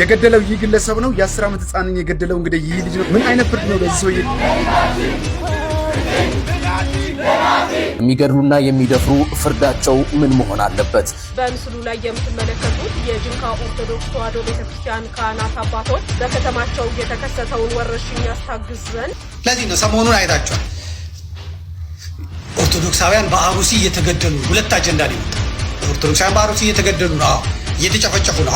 የገደለው ይህ ግለሰብ ነው። የአስር ዓመት ህፃንን የገደለው እንግዲህ ይህ ልጅ ነው። ምን አይነት ፍርድ ነው በዚህ ሰውዬ? የሚገድሉና የሚደፍሩ ፍርዳቸው ምን መሆን አለበት? በምስሉ ላይ የምትመለከቱት የጅንካ ኦርቶዶክስ ተዋሕዶ ቤተክርስቲያን ካህናት አባቶች በከተማቸው የተከሰተውን ወረርሽኝ ያስታግዝ ዘንድ ለዚህ ነው ሰሞኑን አይታቸዋል ኦርቶዶክሳውያን በአሩሲ እየተገደሉ ሁለት አጀንዳ ሊመጣ ኦርቶዶክሳውያን በአሩሲ እየተገደሉ ነው፣ እየተጨፈጨፉ ነው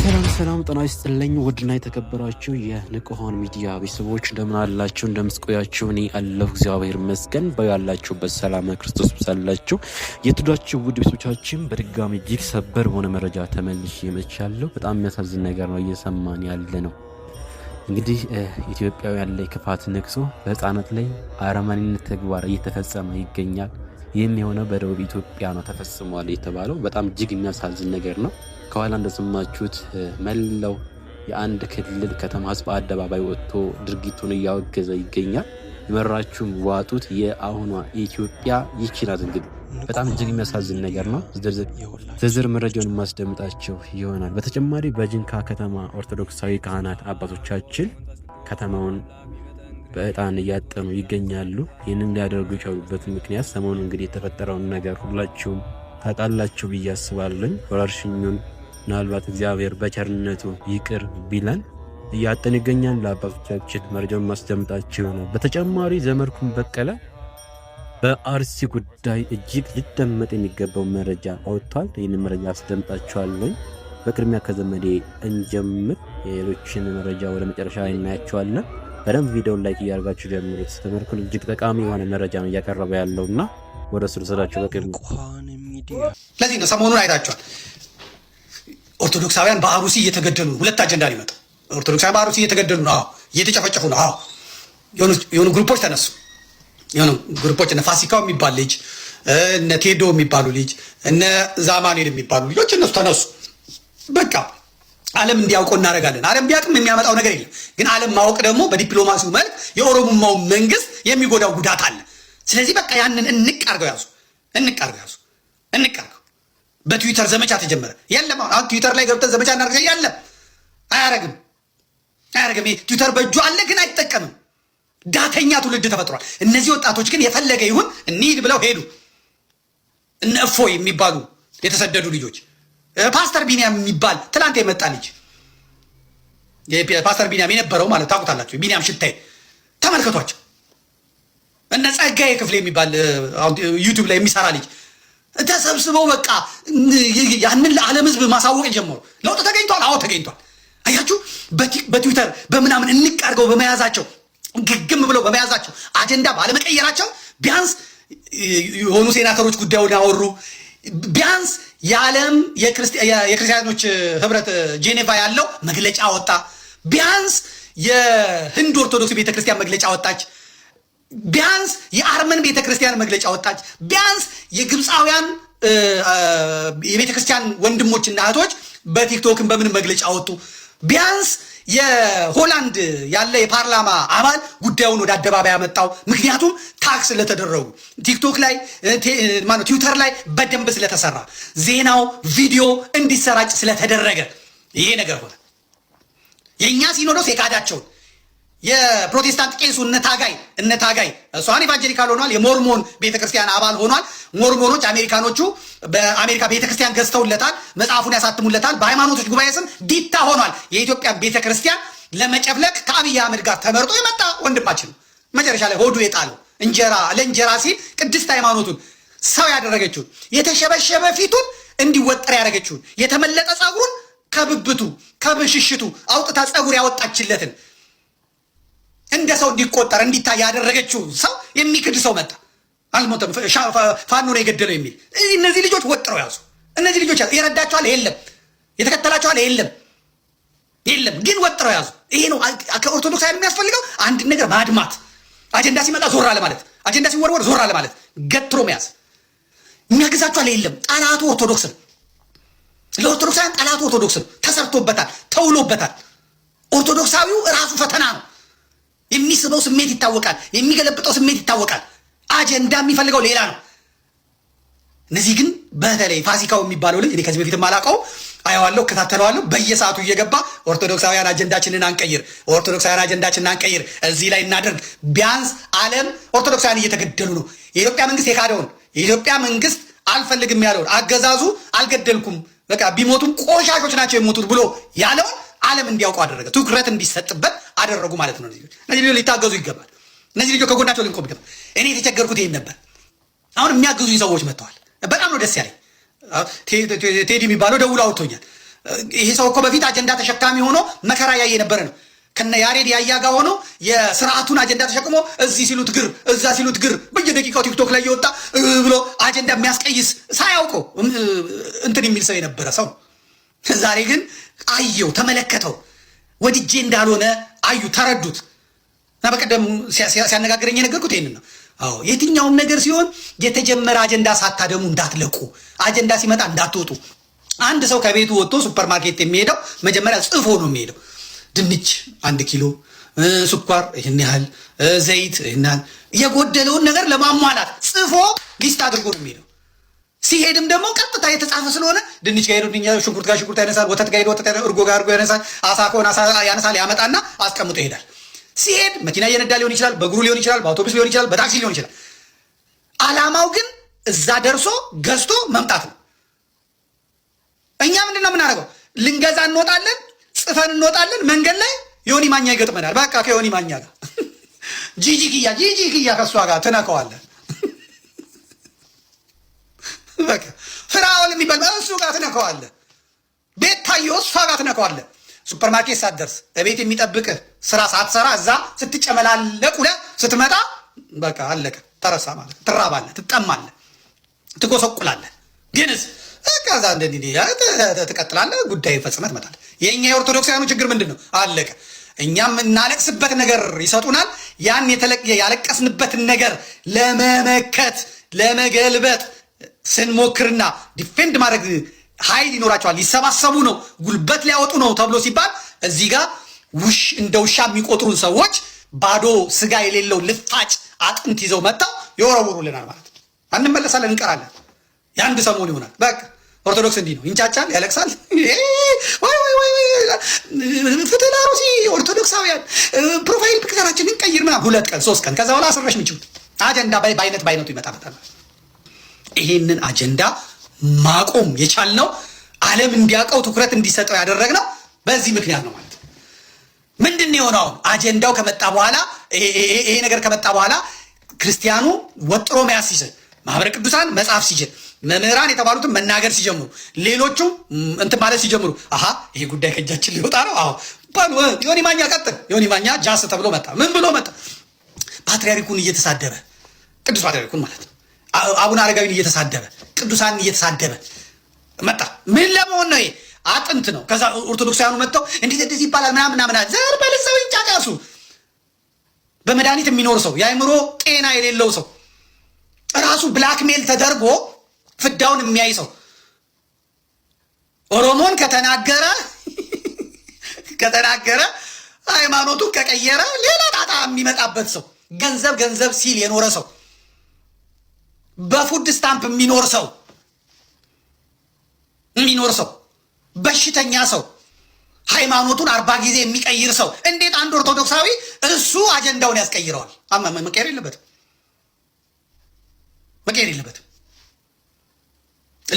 ሰላም ሰላም፣ ጤና ይስጥልኝ ውድና የተከበራችሁ የንቁሆን ሚዲያ ቤተሰቦች እንደምን አላችሁ? እንደምስቆያችሁ? እኔ አለሁ እግዚአብሔር ይመስገን። በያላችሁበት ሰላም ክርስቶስ ብሳላችሁ። የትዳችሁ ውድ ቤተሰቦቻችን በድጋሚ እጅግ ሰበር በሆነ መረጃ ተመልሼ መጥቻለሁ። በጣም የሚያሳዝን ነገር ነው እየሰማን ያለ ነው። እንግዲህ ኢትዮጵያውያን ላይ ክፋት ነግሶ በሕፃናት ላይ አረማኒነት ተግባር እየተፈጸመ ይገኛል። ይህም የሆነው በደቡብ ኢትዮጵያ ነው ተፈጽሟል የተባለው በጣም እጅግ የሚያሳዝን ነገር ነው። ከኋላ እንደሰማችሁት መላው የአንድ ክልል ከተማ ህዝብ አደባባይ ወጥቶ ድርጊቱን እያወገዘ ይገኛል። የመራችሁም ዋጡት። የአሁኗ ኢትዮጵያ ይህች ናት። እንግዲህ በጣም እጅግ የሚያሳዝን ነገር ነው። ዝርዝር መረጃውን የማስደምጣቸው ይሆናል። በተጨማሪ በጅንካ ከተማ ኦርቶዶክሳዊ ካህናት አባቶቻችን ከተማውን በእጣን እያጠኑ ይገኛሉ። ይህንን ሊያደርጉ የቻሉበት ምክንያት ሰሞኑ እንግዲህ የተፈጠረውን ነገር ሁላችሁም ታውቃላችሁ ብዬ አስባለሁ። ወረርሽኙን ምናልባት እግዚአብሔር በቸርነቱ ይቅር ቢለን እያጠን ይገኛል። ለአባቶቻችን መረጃ ማስደምጣቸው ይሆናል። በተጨማሪ ዘመድኩን በቀለ በአርሲ ጉዳይ እጅግ ሊደመጥ የሚገባው መረጃ አውጥቷል። ይህን መረጃ አስደምጣችኋለኝ። በቅድሚያ ከዘመዴ እንጀምር። የሌሎችን መረጃ ወደ መጨረሻ እናያቸዋለን። በደንብ ቪዲዮን ላይክ እያደርጋችሁ ጀምሩት። ዘመድኩን እጅግ ጠቃሚ የሆነ መረጃ ነው እያቀረበ ያለውና ወደ እሱ ልሰዳቸው በቅድሚያ ለዚህ ነው ሰሞኑን አይታችኋል ኦርቶዶክሳውያን በአሩሲ እየተገደሉ ነው። ሁለት አጀንዳ ሊመጣ ኦርቶዶክሳውያን በአሩሲ እየተገደሉ ነው፣ እየተጨፈጨፉ ነው። የሆኑ ግሩፖች ተነሱ። የሆኑ ግሩፖች እነ ፋሲካው የሚባል ልጅ፣ እነ ቴዶ የሚባሉ ልጅ፣ እነ ዛማኔል የሚባሉ ልጆች እነሱ ተነሱ። በቃ ዓለም እንዲያውቀው እናደርጋለን። ዓለም ቢያውቅም የሚያመጣው ነገር የለም። ግን ዓለም ማወቅ ደግሞ በዲፕሎማሲው መልክ የኦሮሞማው መንግስት የሚጎዳው ጉዳት አለ። ስለዚህ በቃ ያንን እንቅ ያዙ፣ እንቅ ያዙ፣ እንቅ በትዊተር ዘመቻ ተጀመረ። የለም አሁን ትዊተር ላይ ገብተን ዘመቻ እናደርገ ያለም አያረግም አያረግም። ትዊተር በእጁ አለ ግን አይጠቀምም። ዳተኛ ትውልድ ተፈጥሯል። እነዚህ ወጣቶች ግን የፈለገ ይሁን እንሂድ ብለው ሄዱ። እነ እፎይ የሚባሉ የተሰደዱ ልጆች፣ ፓስተር ቢኒያም የሚባል ትላንት የመጣ ልጅ ፓስተር ቢኒያም የነበረው ማለት ታውቁታላችሁ፣ ቢኒያም ሽታይ ተመልከቷቸው። እነ ጸጋዬ ክፍሌ የሚባል ዩቲዩብ ላይ የሚሰራ ልጅ ተሰብስበው በቃ ያንን ለዓለም ህዝብ ማሳወቅ ጀመሩ። ለውጥ ተገኝቷል። አዎ ተገኝቷል። አያችሁ፣ በትዊተር በምናምን እንቅ አድርገው በመያዛቸው ግግም ብለው በመያዛቸው አጀንዳ ባለመቀየራቸው ቢያንስ የሆኑ ሴናተሮች ጉዳዩን ያወሩ ቢያንስ የዓለም የክርስቲያኖች ህብረት ጄኔቫ ያለው መግለጫ ወጣ። ቢያንስ የህንድ ኦርቶዶክስ ቤተክርስቲያን መግለጫ ወጣች። ቢያንስ የአርመን ቤተ ክርስቲያን መግለጫ ወጣች። ቢያንስ የግብፃውያን የቤተ ክርስቲያን ወንድሞችና እህቶች በቲክቶክን በምን መግለጫ ወጡ። ቢያንስ የሆላንድ ያለ የፓርላማ አባል ጉዳዩን ወደ አደባባይ ያመጣው ምክንያቱም ታክስ ስለተደረጉ ቲክቶክ ላይ ትዊተር ላይ በደንብ ስለተሰራ ዜናው ቪዲዮ እንዲሰራጭ ስለተደረገ ይሄ ነገር ሆነ። የእኛ ሲኖዶስ የካዳቸውን የፕሮቴስታንት ቄሱ እነ ታጋይ እነ እሷን ኢቫንጀሊካል ሆኗል። የሞርሞን ቤተክርስቲያን አባል ሆኗል። ሞርሞኖች አሜሪካኖቹ በአሜሪካ ቤተክርስቲያን ገዝተውለታል፣ መጽሐፉን ያሳትሙለታል። በሃይማኖቶች ጉባኤ ስም ዲታ ሆኗል። የኢትዮጵያ ቤተክርስቲያን ለመጨፍለቅ ከአብይ አህመድ ጋር ተመርጦ የመጣ ወንድማችን ነው። መጨረሻ ላይ ሆዱ የጣለው እንጀራ ለእንጀራ ሲል ቅድስት ሃይማኖቱን ሰው ያደረገችውን የተሸበሸበ ፊቱን እንዲወጠር ያደረገችውን የተመለጠ ጸጉሩን ከብብቱ ከብሽሽቱ አውጥታ ጸጉር ያወጣችለትን እንደ ሰው እንዲቆጠር እንዲታይ ያደረገችው ሰው የሚክድ ሰው መጣ። አልሞተም፣ ፋኑ ነው የገደለው የሚል እነዚህ ልጆች ወጥረው ያዙ። እነዚህ ልጆች ያዙ። የረዳቸዋል የለም፣ የተከተላቸዋል የለም፣ የለም፣ ግን ወጥረው ያዙ። ይሄ ነው ከኦርቶዶክስ ሀይል የሚያስፈልገው አንድ ነገር ማድማት። አጀንዳ ሲመጣ ዞር አለ ማለት፣ አጀንዳ ሲወርወር ዞር አለ ማለት፣ ገትሮ መያዝ። የሚያግዛቸዋል የለም። ጠላቱ ኦርቶዶክስ ነው። ለኦርቶዶክሳውያን ጠላቱ ኦርቶዶክስ ነው። ተሰርቶበታል፣ ተውሎበታል። ኦርቶዶክሳዊው ራሱ ፈተና ነው። የሚስበው ስሜት ይታወቃል። የሚገለብጠው ስሜት ይታወቃል። አጀንዳ የሚፈልገው ሌላ ነው። እነዚህ ግን በተለይ ፋሲካው የሚባለው ልጅ እኔ ከዚህ በፊትም አላውቀው አየዋለሁ፣ እከታተለዋለሁ። በየሰዓቱ እየገባ ኦርቶዶክሳውያን አጀንዳችንን አንቀይር፣ ኦርቶዶክሳውያን አጀንዳችንን አንቀይር፣ እዚህ ላይ እናደርግ። ቢያንስ ዓለም ኦርቶዶክሳውያን እየተገደሉ ነው። የኢትዮጵያ መንግስት የካደውን የኢትዮጵያ መንግስት አልፈልግም ያለውን አገዛዙ አልገደልኩም፣ በቃ ቢሞቱም ቆሻሾች ናቸው የሞቱት ብሎ ያለውን ዓለም እንዲያውቀው አደረገ። ትኩረት እንዲሰጥበት አደረጉ ማለት ነው። እነዚህ ልጆች ሊታገዙ ይገባል። እነዚህ ልጆች ከጎናቸው ልንቆም ይገባል። እኔ የተቸገርኩት ይህን ነበር። አሁን የሚያግዙኝ ሰዎች መጥተዋል። በጣም ነው ደስ ያለኝ። ቴዲ የሚባለው ደውሎ አውጥቶኛል። ይሄ ሰው እኮ በፊት አጀንዳ ተሸካሚ ሆኖ መከራ ያየ የነበረ ነው ከነ ያሬድ ያያ ጋር ሆኖ የስርዓቱን አጀንዳ ተሸክሞ እዚህ ሲሉት ግር እዛ ሲሉት ግር በየደቂቃው ቲክቶክ ላይ እየወጣ ብሎ አጀንዳ የሚያስቀይስ ሳያውቀው እንትን የሚል ሰው የነበረ ሰው ዛሬ ግን አየው፣ ተመለከተው። ወድጄ እንዳልሆነ አዩ፣ ተረዱት። እና በቀደም ሲያነጋግረኝ የነገርኩት ይህንን ነው። አዎ የትኛውም ነገር ሲሆን የተጀመረ አጀንዳ ሳታደሙ እንዳትለቁ፣ አጀንዳ ሲመጣ እንዳትወጡ። አንድ ሰው ከቤቱ ወጥቶ ሱፐርማርኬት የሚሄደው መጀመሪያ ጽፎ ነው የሚሄደው። ድንች አንድ ኪሎ፣ ስኳር ይህን ያህል፣ ዘይት ይህን ያህል፣ የጎደለውን ነገር ለማሟላት ጽፎ ሊስት አድርጎ ነው የሚሄደው። ሲሄድም ደግሞ ቀጥታ የተጻፈ ስለሆነ ድንች ጋር ሄዶ ሽንኩርት ጋር ሽንኩርት ያነሳል፣ ወተት ጋር ሄዶ ወተት፣ እርጎ ጋር እርጎ ያነሳል፣ አሳ ከሆነ ያነሳል፣ ያመጣና አስቀምጦ ይሄዳል። ሲሄድ መኪና እየነዳ ሊሆን ይችላል፣ በእግሩ ሊሆን ይችላል፣ በአውቶቡስ ሊሆን ይችላል፣ በታክሲ ሊሆን ይችላል። አላማው ግን እዛ ደርሶ ገዝቶ መምጣት ነው። እኛ ምንድን ነው የምናደርገው? ልንገዛ እንወጣለን፣ ጽፈን እንወጣለን። መንገድ ላይ ዮኒ ማኛ ይገጥመናል። በቃ ከዮኒ ማኛ ጋር ጂጂ ክያ ጂጂ ክያ ከእሷ ጋር ትነከዋለን። ትነካዋለህ። ቤት ታየው እሷ ጋር ትነካዋለህ። ሱፐርማርኬት ሳትደርስ እቤት የሚጠብቅህ ስራ ሳትሰራ እዛ ስትጨመላለቅ ሁለህ ስትመጣ በቃ አለቀ። ተረሳ ማለት ትራባለህ፣ ትጠማለህ፣ ትጎሰቁላለህ። ግንስ ከዛ ትቀጥላለህ። ጉዳይ ፈጽመህ ትመጣለህ። የእኛ የኦርቶዶክሳውያኑ ችግር ምንድን ነው? አለቀ። እኛም እናለቅስበት ነገር ይሰጡናል። ያን ያለቀስንበትን ነገር ለመመከት ለመገልበጥ ስንሞክርና ዲፌንድ ማድረግ ኃይል ይኖራቸዋል። ሊሰባሰቡ ነው፣ ጉልበት ሊያወጡ ነው ተብሎ ሲባል እዚህ ጋር ውሽ እንደ ውሻ የሚቆጥሩን ሰዎች ባዶ ስጋ የሌለው ልፋጭ አጥንት ይዘው መጥተው የወረውሩልናል ማለት ነው። አንመለሳለን፣ እንቀራለን። የአንድ ሰሞን ይሆናል። በቃ ኦርቶዶክስ እንዲህ ነው፣ ይንጫጫል፣ ያለቅሳል። ፍትህ ላሮሲ ኦርቶዶክሳውያን ፕሮፋይል ፒክተራችንን እንቀይር ምናምን፣ ሁለት ቀን ሶስት ቀን፣ ከዛ በኋላ አስረሽ ምችት አጀንዳ በአይነት በአይነቱ ይመጣበታል። ይሄንን አጀንዳ ማቆም የቻልነው ዓለም እንዲያውቀው ትኩረት እንዲሰጠው ያደረግነው በዚህ ምክንያት ነው ማለት ነው። ምንድን የሆነው አጀንዳው ከመጣ በኋላ ይሄ ነገር ከመጣ በኋላ ክርስቲያኑ ወጥሮ መያዝ ሲችል፣ ማህበረ ቅዱሳን መጽሐፍ ሲችል፣ መምህራን የተባሉትን መናገር ሲጀምሩ፣ ሌሎቹም እንትን ማለት ሲጀምሩ፣ አሀ ይሄ ጉዳይ ከእጃችን ሊወጣ ነው። አዎ ዮኒ ማኛ ቀጥል። ዮኒ ማኛ ጃስ ተብሎ መጣ። ምን ብሎ መጣ? ፓትሪያሪኩን እየተሳደበ ቅዱስ ፓትሪያሪኩን ማለት ነው አቡነ አረጋዊን እየተሳደበ ቅዱሳንን እየተሳደበ መጣ። ምን ለመሆን ነው? አጥንት ነው። ከዛ ኦርቶዶክሳውያኑ መጥተው እንዴት እንደዚህ ይባላል ምናምን ምናምን ዘር በልሰው ይጫጫሱ። በመድኃኒት የሚኖር ሰው የአእምሮ ጤና የሌለው ሰው ራሱ ብላክሜል ተደርጎ ፍዳውን የሚያይ ሰው ኦሮሞን ከተናገረ ከተናገረ ሃይማኖቱን ከቀየረ ሌላ ጣጣ የሚመጣበት ሰው ገንዘብ ገንዘብ ሲል የኖረ ሰው በፉድ ስታምፕ የሚኖር ሰው የሚኖር ሰው በሽተኛ ሰው ሃይማኖቱን አርባ ጊዜ የሚቀይር ሰው እንዴት አንድ ኦርቶዶክሳዊ እሱ አጀንዳውን ያስቀይረዋል? አማ መቀየር የለበትም መቀየር የለበትም።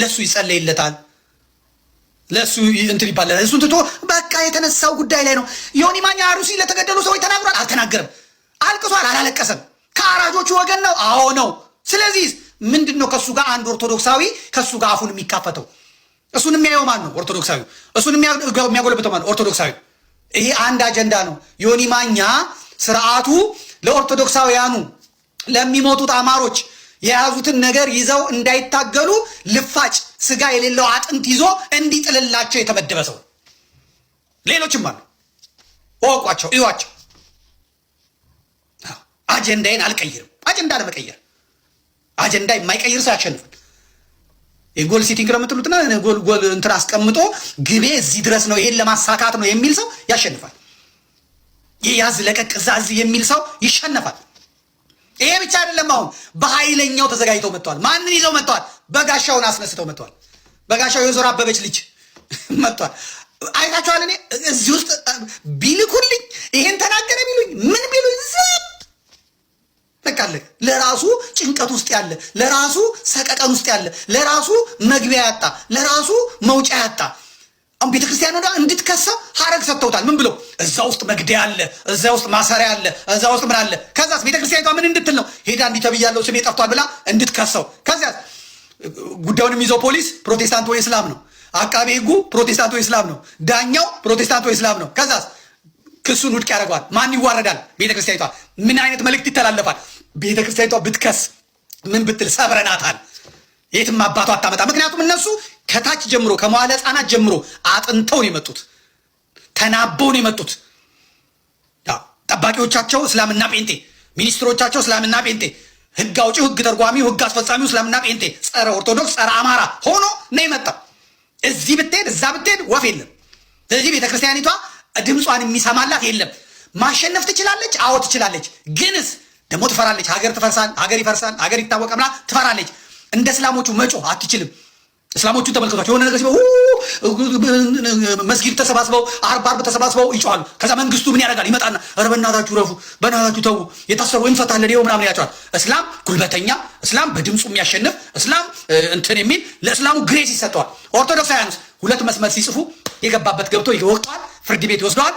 ለእሱ ይጸለይለታል። ለእሱ እንትን ይባላል። እሱን ትቶ በቃ የተነሳው ጉዳይ ላይ ነው። ዮኒ ማኛ አሩሲ ለተገደሉ ሰዎች ተናግሯል? አልተናገርም። አልቅሷል? አላለቀሰም። ከአራጆቹ ወገን ነው? አዎ ነው። ስለዚህ ምንድን ነው ከእሱ ጋር አንድ ኦርቶዶክሳዊ ከእሱ ጋር አፉን የሚካፈተው? እሱን የሚያየው ማን ነው? ኦርቶዶክሳዊ። እሱን የሚያጎለብተው ማን ኦርቶዶክሳዊ። ይሄ አንድ አጀንዳ ነው። ዮኒ ማኛ ስርዓቱ ለኦርቶዶክሳውያኑ ለሚሞቱት አማሮች የያዙትን ነገር ይዘው እንዳይታገሉ ልፋጭ ስጋ የሌለው አጥንት ይዞ እንዲጥልላቸው የተመደበ ሰው። ሌሎችም አሉ፣ እወቋቸው፣ እዩዋቸው። አጀንዳዬን አልቀይርም። አጀንዳ ለመቀየር አጀንዳ የማይቀይር ሰው ያሸንፋል። የጎል ሲቲንግ ነው የምትሉትና ጎል ጎል እንትን አስቀምጦ ግቤ እዚህ ድረስ ነው ይሄን ለማሳካት ነው የሚል ሰው ያሸንፋል። የያዝ ለቀቅ ዛዝ የሚል ሰው ይሸነፋል። ይሄ ብቻ አይደለም። አሁን በኃይለኛው ተዘጋጅተው መጥተዋል። ማንን ይዘው መጥተዋል? በጋሻውን አስነስተው መጥተዋል። በጋሻው የዞር አበበች ልጅ መጥቷል። አይታችኋል። እኔ እዚህ ውስጥ ቢልኩልኝ ይሄን ተናገረ ቢሉኝ ምን ቢሉኝ በቃ ለራሱ ጭንቀት ውስጥ ያለ ለራሱ ሰቀቀን ውስጥ ያለ ለራሱ መግቢያ ያጣ ለራሱ መውጫ ያጣ አሁን ቤተክርስቲያን ወደ እንድትከሳ ሀረግ ሰጥተውታል። ምን ብለው እዛ ውስጥ መግደያ አለ፣ እዛ ውስጥ ማሰሪያ አለ፣ እዛ ውስጥ ምን አለ። ከዛስ ቤተክርስቲያኒቷ ምን እንድትል ነው? ሄዳ እንዲህ ተብያለሁ ስሜ ጠፍቷል ብላ እንድትከሰው። ከዚያስ ጉዳዩን የሚይዘው ፖሊስ ፕሮቴስታንት ወይ እስላም ነው። አቃቤ ሕጉ ፕሮቴስታንት ወይ እስላም ነው። ዳኛው ፕሮቴስታንት ወይ እስላም ነው። ከዛስ ክሱን ውድቅ ያደርገዋል። ማን ይዋረዳል? ቤተክርስቲያኒቷ ምን አይነት መልእክት ይተላለፋል? ቤተክርስቲያኒቷ ብትከስ ምን ብትል ሰብረናታል፣ የትም አባቷ አታመጣ። ምክንያቱም እነሱ ከታች ጀምሮ ከመዋለ ህፃናት ጀምሮ አጥንተው ነው የመጡት፣ ተናበው ነው የመጡት። ጠባቂዎቻቸው እስላምና ጴንጤ፣ ሚኒስትሮቻቸው እስላምና ጴንጤ፣ ህግ አውጪው፣ ህግ ተርጓሚው፣ ህግ አስፈጻሚው እስላምና ጴንጤ፣ ጸረ ኦርቶዶክስ፣ ጸረ አማራ ሆኖ ነው የመጣው። እዚህ ብትሄድ እዛ ብትሄድ ወፍ የለም። ስለዚህ ቤተክርስቲያኒቷ ድምጿን የሚሰማላት የለም። ማሸነፍ ትችላለች። አዎ ትችላለች። ግንስ ደግሞ ትፈራለች። ሀገር ትፈርሳል፣ ሀገር ይፈርሳል፣ ሀገር ይታወቃል ብላ ትፈራለች። እንደ እስላሞቹ መጮ አትችልም። እስላሞቹን ተመልከቷቸው። የሆነ ነገር ሲበው መስጊድ ተሰባስበው አርብ አርብ ተሰባስበው ይጮዋሉ። ከዛ መንግስቱ ምን ያደርጋል? ይመጣና ኧረ በእናታችሁ ረፉ፣ በእናታችሁ ተዉ፣ የታሰሩ እንፈታለን ይኸው ምናምን ያቸዋል። እስላም ጉልበተኛ፣ እስላም በድምፁ የሚያሸንፍ እስላም እንትን የሚል ለእስላሙ ግሬስ ይሰጠዋል። ኦርቶዶክሳውያኑስ ሁለት መስመር ሲጽፉ የገባበት ገብቶ ይወቅተዋል። ፍርድ ቤት ይወስደዋል።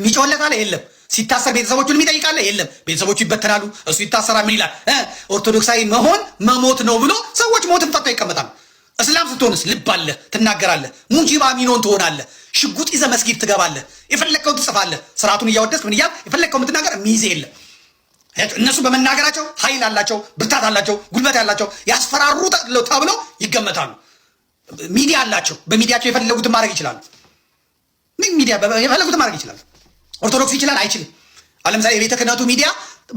የሚጮህለታል የለም። ሲታሰር ቤተሰቦቹን የሚጠይቃለ የለም። ቤተሰቦቹ ይበተናሉ። እሱ ይታሰራል። ምን ይላል? ኦርቶዶክሳዊ መሆን መሞት ነው ብሎ ሰዎች ሞትን ፈቶ ይቀመጣሉ። እስላም ስትሆንስ ልብ አለ፣ ትናገራለህ፣ ሙጂብ ሚኖን ትሆናለህ፣ ሽጉጥ ይዘህ መስጊድ ትገባለህ፣ የፈለግከውን ትጽፋለህ፣ ስርዓቱን እያወደስክ ምን እያልክ የፈለግከውን ትናገር፣ የሚይዝ የለም። እነሱ በመናገራቸው ኃይል አላቸው፣ ብርታት አላቸው፣ ጉልበት ያላቸው ያስፈራሩ ተብለው ይገመታሉ። ሚዲያ አላቸው፣ በሚዲያቸው የፈለጉትን ማድረግ ይችላሉ። ሚዲያ የፈለጉትን ማድረግ ይችላል። ኦርቶዶክስ ይችላል አይችልም። አሁን ለምሳሌ የቤተ ክህነቱ ሚዲያ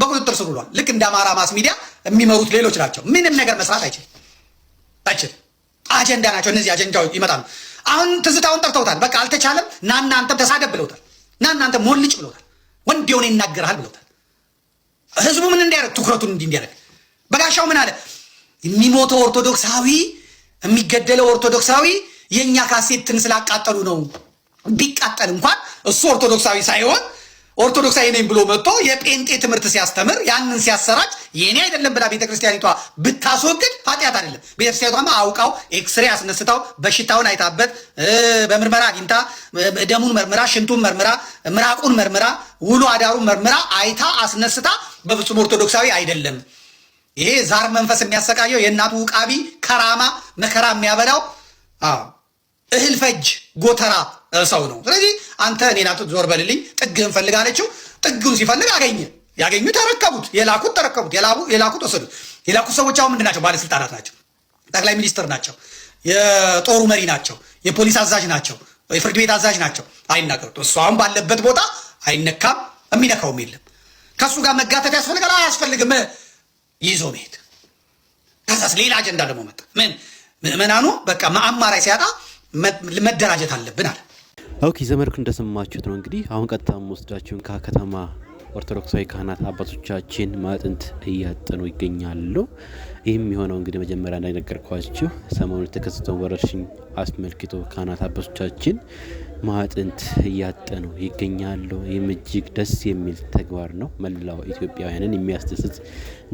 በቁጥጥር ስር ውሏል። ልክ እንደ አማራ ማስ ሚዲያ የሚመሩት ሌሎች ናቸው። ምንም ነገር መስራት አይችልም አይችልም። አጀንዳ ናቸው እነዚህ አጀንዳዎች ይመጣሉ። አሁን ትዝታውን ጠርተውታል። በቃ አልተቻለም፣ ና እናንተም ተሳደብ ብለውታል። ና እናንተም ሞልጭ ብለውታል። ወንድ የሆነ ይናገርሃል ብለውታል። ህዝቡ ምን እንዲያደርግ ትኩረቱን እንዲህ እንዲያደርግ በጋሻው ምን አለ? የሚሞተው ኦርቶዶክሳዊ የሚገደለው ኦርቶዶክሳዊ የእኛ ካሴትን ስላቃጠሉ ነው ቢቃጠል እንኳን እሱ ኦርቶዶክሳዊ ሳይሆን ኦርቶዶክሳዊ ነኝ ብሎ መጥቶ የጴንጤ ትምህርት ሲያስተምር ያንን ሲያሰራጭ የኔ አይደለም ብላ ቤተክርስቲያኒቷ ብታስወግድ ኃጢአት አይደለም። ቤተክርስቲያኒቷማ አውቃው ኤክስሬ አስነስታው በሽታውን አይታበት በምርመራ አግኝታ ደሙን መርምራ፣ ሽንቱን መርምራ፣ ምራቁን መርምራ፣ ውሎ አዳሩን መርምራ አይታ አስነስታ በፍጹም ኦርቶዶክሳዊ አይደለም። ይሄ ዛር መንፈስ የሚያሰቃየው የእናቱ ውቃቢ ከራማ መከራ የሚያበላው እህል ፈጅ ጎተራ ሰው ነው። ስለዚህ አንተ እኔና ዞር በልልኝ ጥግህን ፈልግ አለችው። ጥግን ሲፈልግ አገኘ። ያገኙ ተረከቡት፣ የላኩት ተረከቡት፣ የላኩት ወሰዱት። የላኩት ሰዎች አሁን ምንድን ናቸው? ባለስልጣናት ናቸው፣ ጠቅላይ ሚኒስትር ናቸው፣ የጦሩ መሪ ናቸው፣ የፖሊስ አዛዥ ናቸው፣ የፍርድ ቤት አዛዥ ናቸው። አይናገሩት እሱ አሁን ባለበት ቦታ አይነካም፣ የሚነካውም የለም። ከእሱ ጋር መጋተት ያስፈልጋል አያስፈልግም? ይዞ መሄድ። ከዛስ ሌላ አጀንዳ ደግሞ መጣ። ምን ምዕመናኑ በቃ ማአማራይ ሲያጣ መደራጀት አለብን አለ። ኦኬ ዘመድኩ እንደሰማችሁት ነው እንግዲህ አሁን ቀጥታ ወስዳችሁን ከከተማ ኦርቶዶክሳዊ ካህናት አባቶቻችን ማጥንት እያጠኑ ይገኛሉ። ይህም የሆነው እንግዲህ መጀመሪያ እንዳይነገርኳችሁ ሰሞኑ የተከሰተውን ወረርሽኝ አስመልክቶ ካህናት አባቶቻችን ማጥንት እያጠኑ ይገኛሉ። ይህም እጅግ ደስ የሚል ተግባር ነው። መላው ኢትዮጵያውያንን የሚያስደስት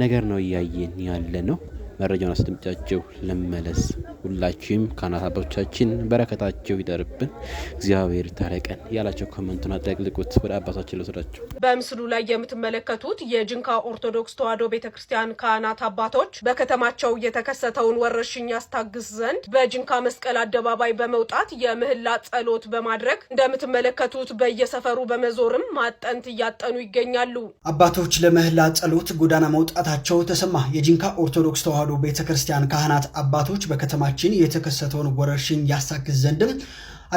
ነገር ነው እያየን ያለ ነው። መረጃውን አስደምጫቸው ልመለስ። ሁላችሁም ካህናት አባቶቻችን በረከታቸው ይደርብን፣ እግዚአብሔር ታረቀን ያላቸው ኮመንቱን አጠቅልቁት። ወደ አባታችን ልውሰዳቸው። በምስሉ ላይ የምትመለከቱት የጅንካ ኦርቶዶክስ ተዋህዶ ቤተክርስቲያን ካህናት አባቶች በከተማቸው የተከሰተውን ወረርሽኝ ያስታግስ ዘንድ በጅንካ መስቀል አደባባይ በመውጣት የምህላ ጸሎት በማድረግ እንደምትመለከቱት በየሰፈሩ በመዞርም ማጠንት እያጠኑ ይገኛሉ። አባቶች ለምህላ ጸሎት ጎዳና መውጣታቸው ተሰማ። የጅንካ ኦርቶዶክስ ተዋሕዶ ቤተክርስቲያን ካህናት አባቶች በከተማ በሀገራችን የተከሰተውን ወረርሽኝ ያሳክስ ዘንድም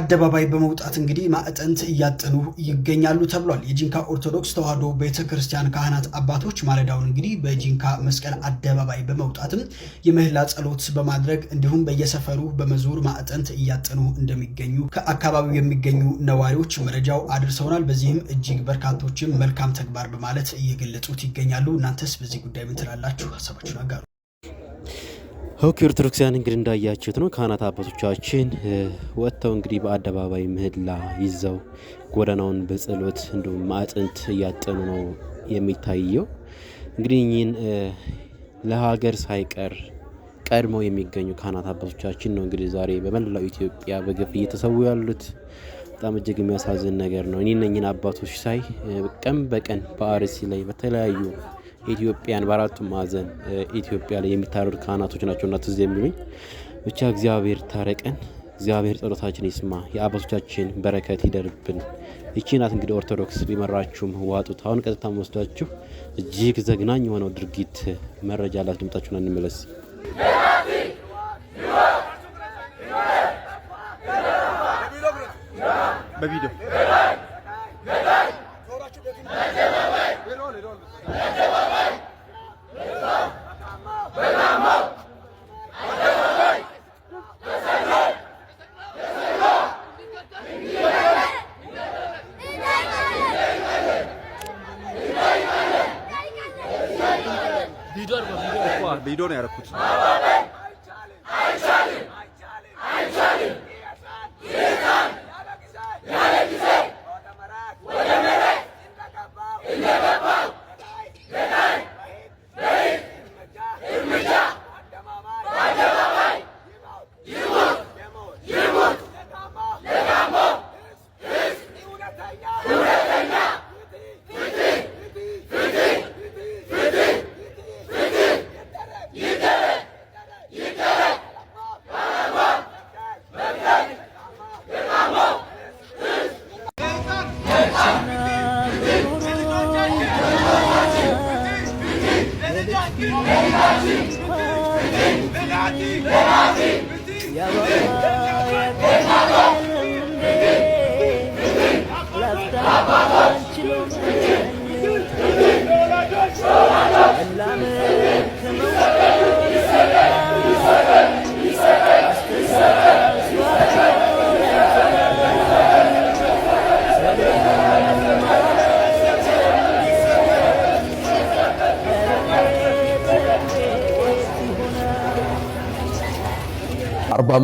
አደባባይ በመውጣት እንግዲህ ማዕጠንት እያጠኑ ይገኛሉ ተብሏል። የጂንካ ኦርቶዶክስ ተዋሕዶ ቤተክርስቲያን ካህናት አባቶች ማለዳውን እንግዲህ በጂንካ መስቀል አደባባይ በመውጣትም የምህላ ጸሎት በማድረግ እንዲሁም በየሰፈሩ በመዞር ማዕጠንት እያጠኑ እንደሚገኙ ከአካባቢው የሚገኙ ነዋሪዎች መረጃው አድርሰውናል። በዚህም እጅግ በርካቶችም መልካም ተግባር በማለት እየገለጹት ይገኛሉ። እናንተስ በዚህ ጉዳይ ምን ትላላችሁ? ሀሳባችሁን አጋሩ። ኦኬ ኦርቶዶክሳውያን እንግዲህ እንዳያችሁት ነው ካህናት አባቶቻችን ወጥተው እንግዲህ በአደባባይ ምህላ ይዘው ጎዳናውን በጸሎት እንዲሁም አጥንት እያጠኑ ነው የሚታየው። እንግዲህ እኚህን ለሀገር ሳይቀር ቀድመው የሚገኙ ካህናት አባቶቻችን ነው እንግዲህ ዛሬ በመላው ኢትዮጵያ በግፍ እየተሰዉ ያሉት። በጣም እጅግ የሚያሳዝን ነገር ነው። እኔ እነኝን አባቶች ሳይ ቀን በቀን በአርሲ ላይ በተለያዩ ኢትዮጵያን በአራቱ ማዕዘን ኢትዮጵያ ላይ የሚታረዱ ካህናቶች እና ትዝ የሚሉኝ። ብቻ እግዚአብሔር ታረቀን፣ እግዚአብሔር ጸሎታችን ይስማ፣ የአባቶቻችን በረከት ይደርብን። ይቺ ናት እንግዲህ ኦርቶዶክስ ቢመራችሁም ዋጡት። አሁን ቀጥታ መወስዳችሁ እጅግ ዘግናኝ የሆነው ድርጊት መረጃ ድምጣችሁን እንመለስ። በቪዲዮ ሊዶ ነው ያደረኩት።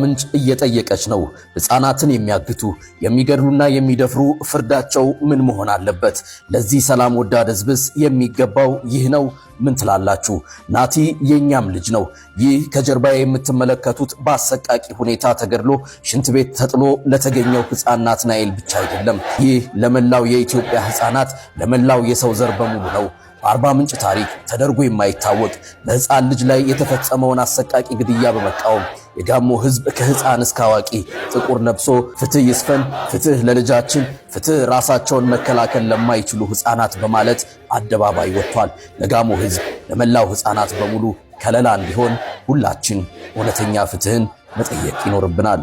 ምንጭ እየጠየቀች ነው። ሕፃናትን የሚያግቱ የሚገድሉና የሚደፍሩ ፍርዳቸው ምን መሆን አለበት? ለዚህ ሰላም ወዳድ ሕዝብስ የሚገባው ይህ ነው? ምን ትላላችሁ? ናቲ የኛም ልጅ ነው። ይህ ከጀርባ የምትመለከቱት በአሰቃቂ ሁኔታ ተገድሎ ሽንት ቤት ተጥሎ ለተገኘው ሕፃን ናትናኤል ብቻ አይደለም። ይህ ለመላው የኢትዮጵያ ሕፃናት፣ ለመላው የሰው ዘር በሙሉ ነው። በአርባ ምንጭ ታሪክ ተደርጎ የማይታወቅ በሕፃን ልጅ ላይ የተፈጸመውን አሰቃቂ ግድያ በመቃወም የጋሞ ህዝብ ከህፃን እስከ አዋቂ ጥቁር ለብሶ ፍትህ ይስፈን፣ ፍትህ ለልጃችን፣ ፍትህ ራሳቸውን መከላከል ለማይችሉ ህፃናት በማለት አደባባይ ወጥቷል። ለጋሞ ህዝብ ለመላው ህፃናት በሙሉ ከለላ እንዲሆን ሁላችን እውነተኛ ፍትህን መጠየቅ ይኖርብናል።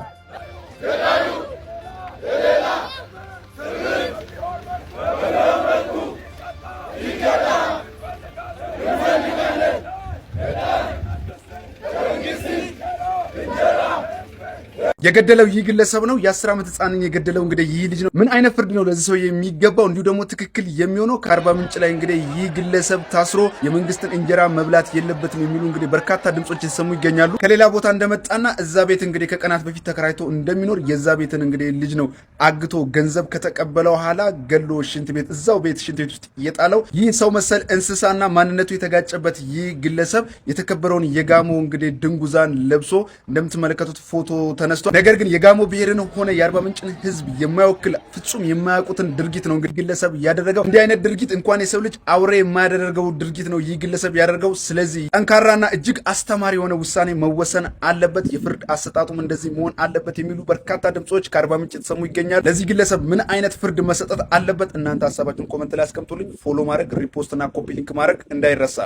የገደለው ይህ ግለሰብ ነው። የአስር ዓመት ህፃንን የገደለው እንግዲህ ይህ ልጅ ነው። ምን አይነት ፍርድ ነው ለዚህ ሰው የሚገባው? እንዲሁ ደግሞ ትክክል የሚሆነው ከአርባ ምንጭ ላይ እንግዲህ ይህ ግለሰብ ታስሮ የመንግስትን እንጀራ መብላት የለበትም የሚሉ እንግዲህ በርካታ ድምጾች የተሰሙ ይገኛሉ። ከሌላ ቦታ እንደመጣና እዛ ቤት እንግዲህ ከቀናት በፊት ተከራይቶ እንደሚኖር የዛ ቤትን እንግዲህ ልጅ ነው አግቶ ገንዘብ ከተቀበለው ኋላ ገሎ ሽንት ቤት እዛው ቤት ሽንት ቤት ውስጥ የጣለው ይህ ሰው መሰል እንስሳና ማንነቱ የተጋጨበት ይህ ግለሰብ የተከበረውን የጋሞ እንግዲህ ድንጉዛን ለብሶ እንደምትመለከቱት ፎቶ ተነስቶ ተነስቷል። ነገር ግን የጋሞ ብሔርን ሆነ የአርባ ምንጭን ህዝብ የማይወክል ፍጹም የማያውቁትን ድርጊት ነው እንግዲህ ግለሰብ ያደረገው። እንዲህ አይነት ድርጊት እንኳን የሰው ልጅ አውሬ የማያደርገው ድርጊት ነው ይህ ግለሰብ ያደርገው። ስለዚህ ጠንካራና እጅግ አስተማሪ የሆነ ውሳኔ መወሰን አለበት፣ የፍርድ አሰጣጡም እንደዚህ መሆን አለበት የሚሉ በርካታ ድምፆች ከአርባ ምንጭ የተሰሙ ይገኛል። ለዚህ ግለሰብ ምን አይነት ፍርድ መሰጠት አለበት? እናንተ ሀሳባችሁን ኮመንት ላይ አስቀምጡልኝ። ፎሎ ማድረግ፣ ሪፖስትና ኮፒ ሊንክ ማድረግ እንዳይረሳ።